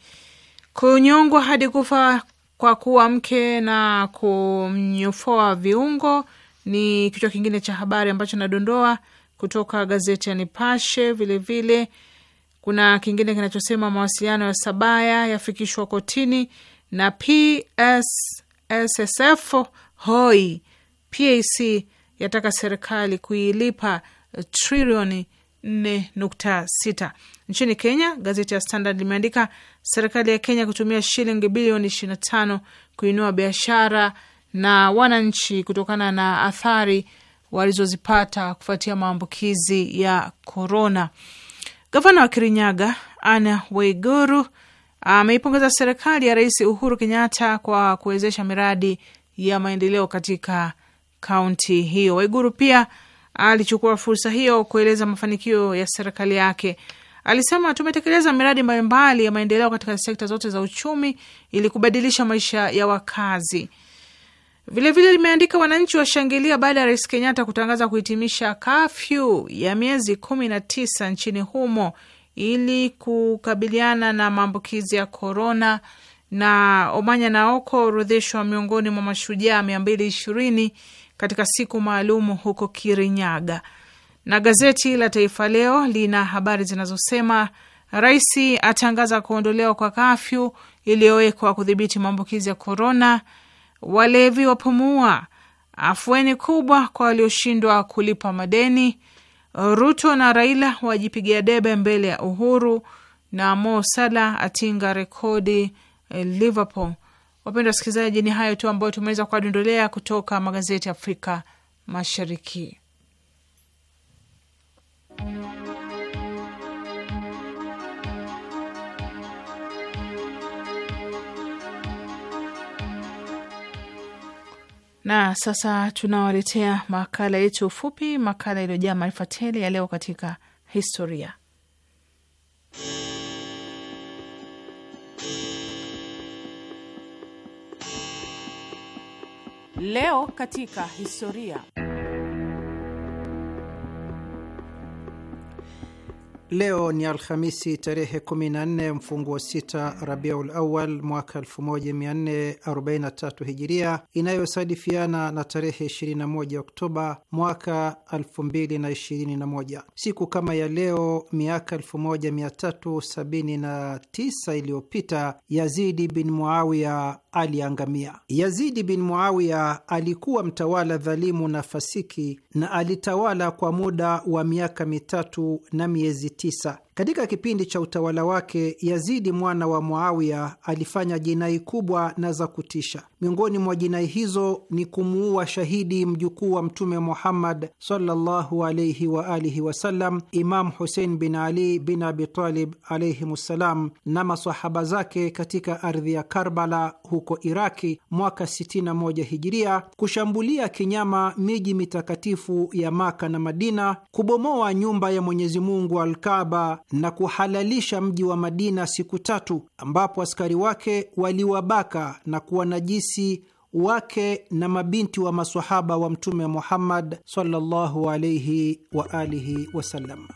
Kunyongwa hadi kufa kwa kuwa mke na kumnyofoa viungo ni kichwa kingine cha habari ambacho nadondoa kutoka gazeti ya Nipashe. Vilevile kuna kingine kinachosema mawasiliano ya Sabaya yafikishwa kotini na PSSF hoi PAC yataka serikali kuilipa trilioni 4.6. Nchini Kenya, gazeti ya Standard limeandika serikali ya Kenya kutumia shilingi bilioni 25 kuinua biashara na wananchi kutokana na athari walizozipata kufuatia maambukizi ya korona. Gavana wa Kirinyaga Ana Waiguru ameipongeza serikali ya Rais Uhuru Kenyatta kwa kuwezesha miradi ya maendeleo katika kaunti hiyo. Waiguru pia alichukua fursa hiyo kueleza mafanikio ya serikali yake. Alisema, tumetekeleza miradi mbalimbali ya maendeleo katika sekta zote za uchumi ili kubadilisha maisha ya wakazi. Vilevile limeandika wananchi washangilia baada ya Rais Kenyatta kutangaza kuhitimisha kafyu ya miezi kumi na tisa nchini humo ili kukabiliana na maambukizi ya korona. Na Omanya Oko orodheshwa miongoni mwa mashujaa mia mbili ishirini katika siku maalumu huko Kirinyaga. Na gazeti la Taifa Leo lina habari zinazosema rais atangaza kuondolewa kwa kafyu iliyowekwa kudhibiti maambukizi ya korona walevi wapumua, afueni kubwa kwa walioshindwa kulipa madeni, Ruto na Raila wajipigia debe mbele ya Uhuru, na Mo Salah atinga rekodi eh, Liverpool. Wapendwa wasikilizaji, ni hayo tu ambayo tumeweza kuwadondolea kutoka magazeti ya Afrika Mashariki. Na sasa tunawaletea makala yetu fupi, makala iliyojaa maarifa tele ya leo katika historia. Leo katika historia. Leo ni Alhamisi tarehe 14 mfunguo sita Rabiul Awal mwaka 1443 Hijiria, inayosadifiana na tarehe 21 Oktoba mwaka 2021. Siku kama ya leo miaka 1379 iliyopita Yazidi bin Muawiya aliangamia. Yazidi bin Muawiya alikuwa mtawala dhalimu na fasiki na alitawala kwa muda wa miaka mitatu na miezi 9 katika kipindi cha utawala wake, Yazidi mwana wa Muawiya alifanya jinai kubwa na za kutisha. Miongoni mwa jinai hizo ni kumuua shahidi mjukuu wa Mtume Muhammad sallallahu alaihi wa alihi wasallam, Imam Husein bin Ali bin Abitalib alaihimussalam na masahaba zake katika ardhi ya Karbala huko Iraki mwaka 61 Hijiria, kushambulia kinyama miji mitakatifu ya Maka na Madina, kubomoa nyumba ya Mwenyezi Mungu Alkaba na kuhalalisha mji wa Madina siku tatu, ambapo askari wake waliwabaka na kuwanajisi wake na mabinti wa masahaba wa Mtume Muhammad sallallahu alaihi wa alihi wasallam.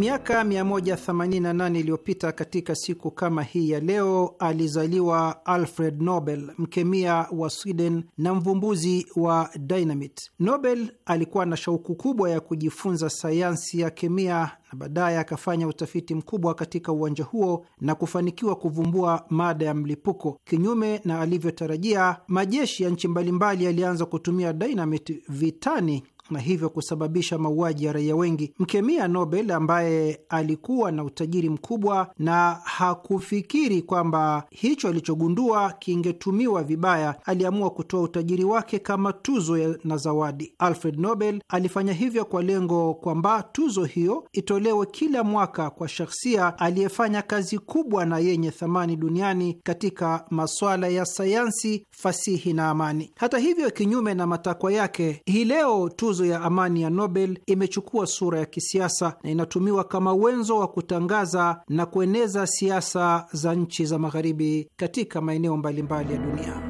Miaka 188 iliyopita katika siku kama hii ya leo alizaliwa Alfred Nobel, mkemia wa Sweden na mvumbuzi wa dynamite. Nobel alikuwa na shauku kubwa ya kujifunza sayansi ya kemia na baadaye akafanya utafiti mkubwa katika uwanja huo na kufanikiwa kuvumbua mada ya mlipuko. Kinyume na alivyotarajia, majeshi ya nchi mbalimbali yalianza kutumia dynamite vitani na hivyo kusababisha mauaji ya raia wengi. Mkemia Nobel ambaye alikuwa na utajiri mkubwa na hakufikiri kwamba hicho alichogundua kingetumiwa vibaya, aliamua kutoa utajiri wake kama tuzo na zawadi. Alfred Nobel alifanya hivyo kwa lengo kwamba tuzo hiyo itolewe kila mwaka kwa shahsia aliyefanya kazi kubwa na yenye thamani duniani katika maswala ya sayansi, fasihi na amani. Hata hivyo, kinyume na matakwa yake, hii leo tuzo tuzo ya amani ya Nobel imechukua sura ya kisiasa na inatumiwa kama wenzo wa kutangaza na kueneza siasa za nchi za magharibi katika maeneo mbalimbali ya dunia.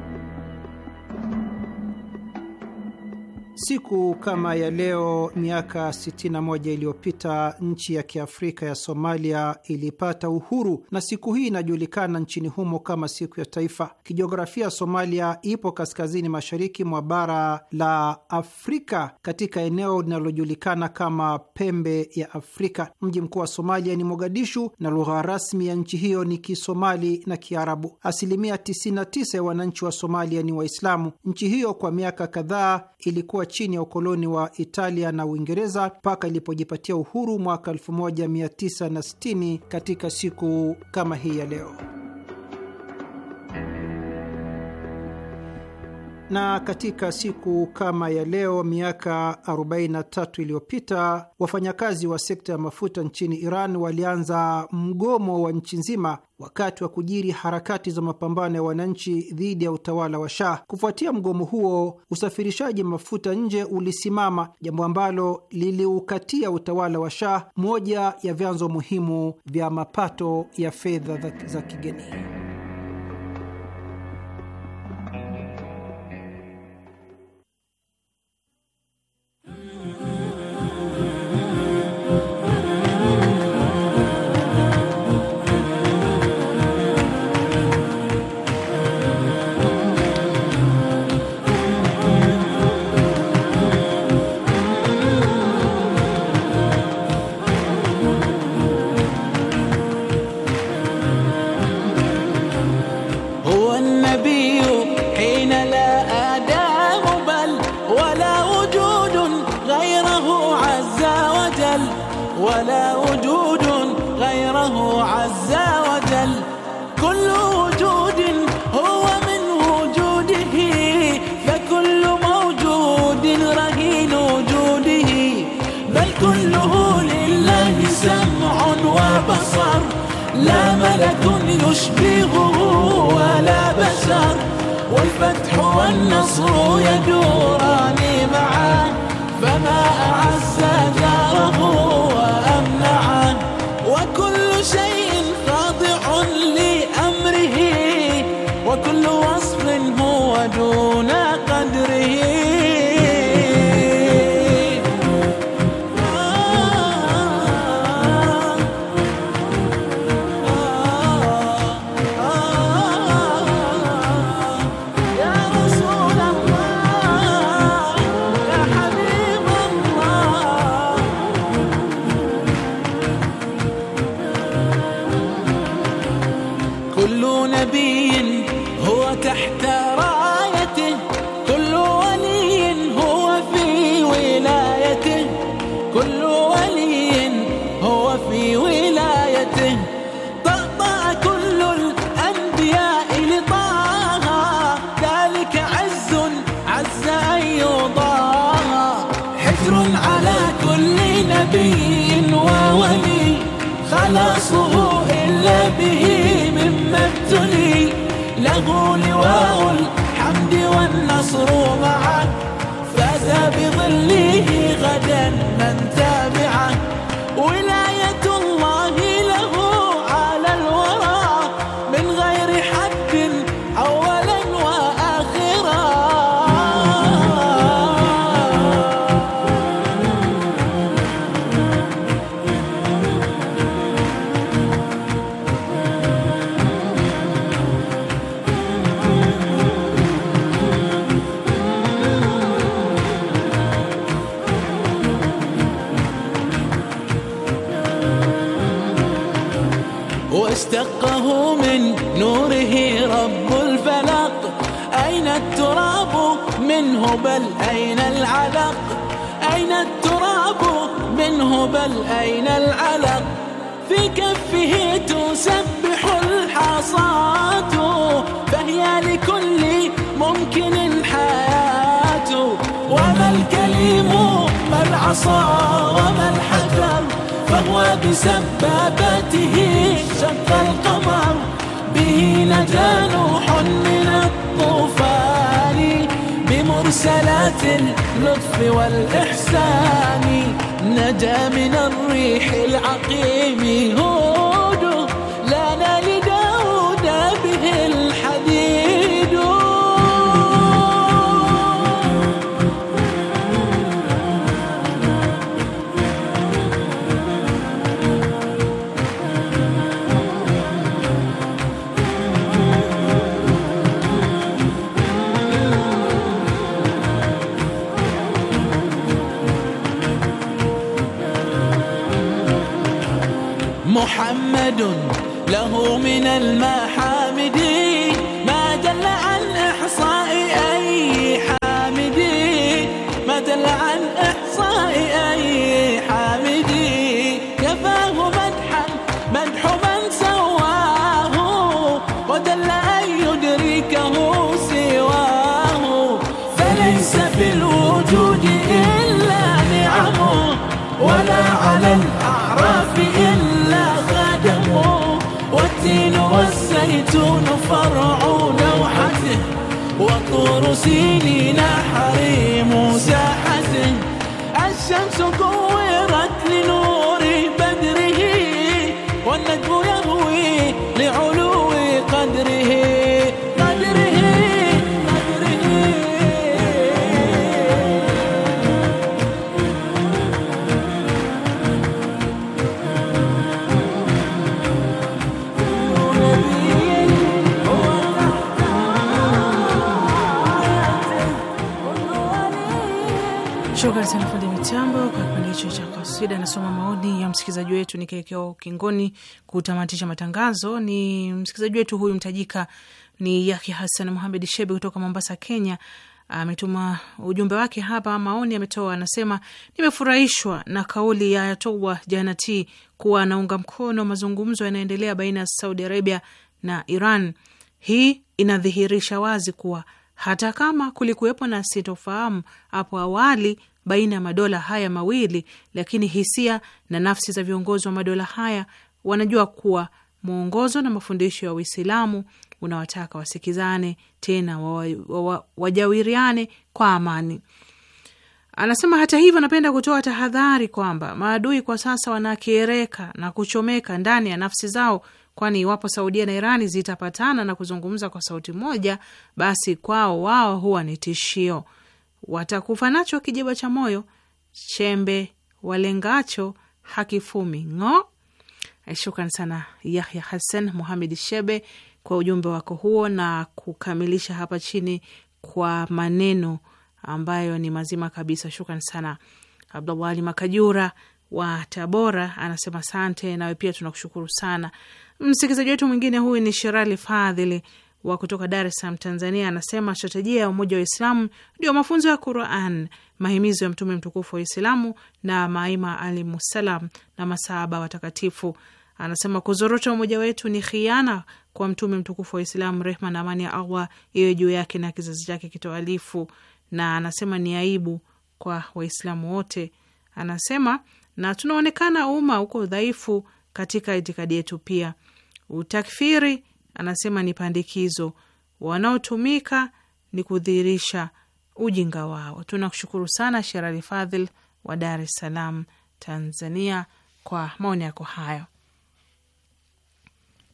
Siku kama ya leo miaka 61 iliyopita nchi ya kiafrika ya Somalia ilipata uhuru na siku hii inajulikana nchini humo kama siku ya taifa. Kijiografia, Somalia ipo kaskazini mashariki mwa bara la Afrika katika eneo linalojulikana kama pembe ya Afrika. Mji mkuu wa Somalia ni Mogadishu na lugha rasmi ya nchi hiyo ni Kisomali na Kiarabu. Asilimia 99 ya wananchi wa Somalia ni Waislamu. Nchi hiyo kwa miaka kadhaa ilikuwa chini ya ukoloni wa Italia na Uingereza mpaka ilipojipatia uhuru mwaka 1960 katika siku kama hii ya leo. Na katika siku kama ya leo miaka 43 iliyopita wafanyakazi wa sekta ya mafuta nchini Iran walianza mgomo wa nchi nzima wakati wa kujiri harakati za mapambano ya wananchi dhidi ya utawala wa Shah. Kufuatia mgomo huo, usafirishaji mafuta nje ulisimama, jambo ambalo liliukatia utawala wa Shah moja ya vyanzo muhimu vya mapato ya fedha za kigeni. وجود غيره عز وجل كل وجود هو من وجوده فكل موجود رهين وجوده بل كله لله سمع وبصر لا ملك يشبهه ولا بشر والفتح والنصر يدوران معا فما أعز مصرومة عصى وما حكم فهو بسبابته شق القمر به نجا نوح من الطوفان بمرسلات اللطف والإحسان نجا من الريح العقيم هو من المال فرعون وحده وطور سينين حريم ساحته الشمس msikilizaji wetu nikielekea kingoni kutamatisha matangazo. Ni msikilizaji wetu huyu mtajika ni Yahya Hassan Muhamed Shebe kutoka Mombasa, Kenya. Ametuma ujumbe wake hapa, maoni ametoa, anasema nimefurahishwa na kauli ya Ayatollah Janati kuwa anaunga mkono mazungumzo yanayoendelea baina ya Saudi Arabia na Iran. Hii inadhihirisha wazi kuwa hata kama kulikuwepo na sitofahamu hapo awali baina ya madola haya mawili, lakini hisia na nafsi za viongozi wa madola haya wanajua kuwa mwongozo na mafundisho ya Uislamu unawataka wasikizane tena wajawiriane kwa amani. Anasema hata hivyo, napenda kutoa tahadhari kwamba maadui kwa sasa wanakereka na kuchomeka ndani ya nafsi zao, kwani iwapo Saudia na Irani zitapatana na kuzungumza kwa sauti moja, basi kwao wao huwa ni tishio watakufa nacho kijiba cha moyo, chembe walengacho hakifumi ng'o. Shukran sana Yahya Hassan Muhamed Shebe kwa ujumbe wako huo, na kukamilisha hapa chini kwa maneno ambayo ni mazima kabisa. Shukran sana Abdullahi Makajura wa Tabora anasema sante Nawe pia tunakushukuru sana. Msikilizaji wetu mwingine huyu ni Sherali Fadhili wa kutoka Dar es Salaam, Tanzania, anasema strategia ya umoja wa Uislamu ndio mafunzo ya Quran, mahimizo ya Mtume mtukufu wa Uislamu na maima alimusalam na masahaba watakatifu. Anasema kuzorota umoja wetu ni khiana kwa Mtume mtukufu wa Uislamu, rehma na amani ya Allah iwe juu yake na kizazi chake kitoalifu, na anasema ni aibu kwa Waislamu wote. Anasema na tunaonekana umma uko dhaifu katika itikadi yetu pia utakfiri anasema ni pandikizo, wanaotumika ni kudhihirisha ujinga wao. Tunakushukuru sana Sherali Fadhil wa Dar es Salaam, Tanzania, kwa maoni yako hayo.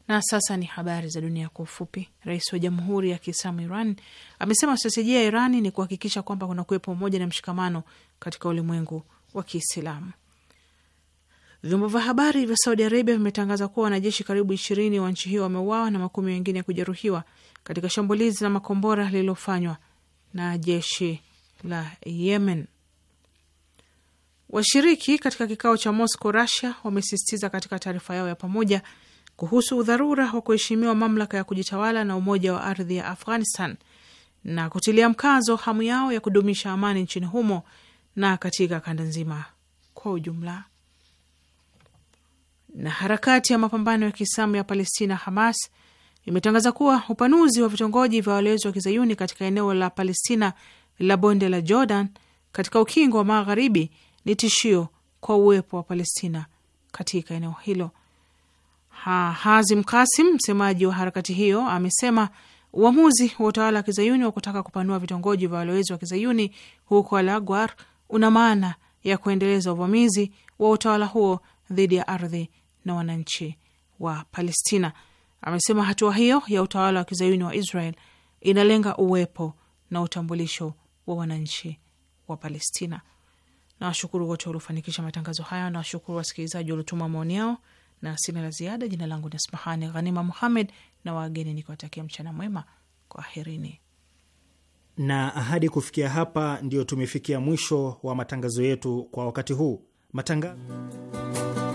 Na sasa ni habari za dunia kwa ufupi. Rais wa Jamhuri ya Kiislamu Iran amesema stratejia ya Irani ni kuhakikisha kwamba kuna kuwepo umoja na mshikamano katika ulimwengu wa Kiislamu. Vyombo vya habari vya Saudi Arabia vimetangaza kuwa wanajeshi karibu ishirini wa nchi hiyo wameuawa na makumi wengine kujeruhiwa katika shambulizi la makombora lililofanywa na jeshi la Yemen. Washiriki katika kikao cha Moscow Russia wamesisitiza katika taarifa yao ya pamoja kuhusu udharura wa kuheshimiwa mamlaka ya kujitawala na umoja wa ardhi ya Afghanistan na kutilia mkazo hamu yao ya kudumisha amani nchini humo na katika kanda nzima kwa ujumla. Na harakati ya mapambano ya Kiislamu ya Palestina Hamas imetangaza kuwa upanuzi wa vitongoji vya walowezi wa Kizayuni katika eneo la Palestina la bonde la Jordan katika ukingo wa magharibi ni tishio kwa uwepo wa Palestina katika eneo hilo. Ha, Hazim Kasim, msemaji wa harakati hiyo, amesema uamuzi wa utawala wa Kizayuni wa kutaka kupanua vitongoji vya walowezi wa Kizayuni huko alaguar una maana ya kuendeleza uvamizi wa utawala huo dhidi ya ardhi na wananchi wa Palestina. Amesema hatua hiyo ya utawala wa kizayuni wa Israel inalenga uwepo na utambulisho wa wananchi wa Palestina. Nawashukuru wote waliofanikisha matangazo haya, nawashukuru wasikilizaji waliotuma maoni yao, na sina la ziada. Jina langu ni Asmahani Ghanima Muhammed na wageni nikiwatakia mchana mwema, kwaherini na ahadi. Kufikia hapa, ndio tumefikia mwisho wa matangazo yetu kwa wakati huu matangazo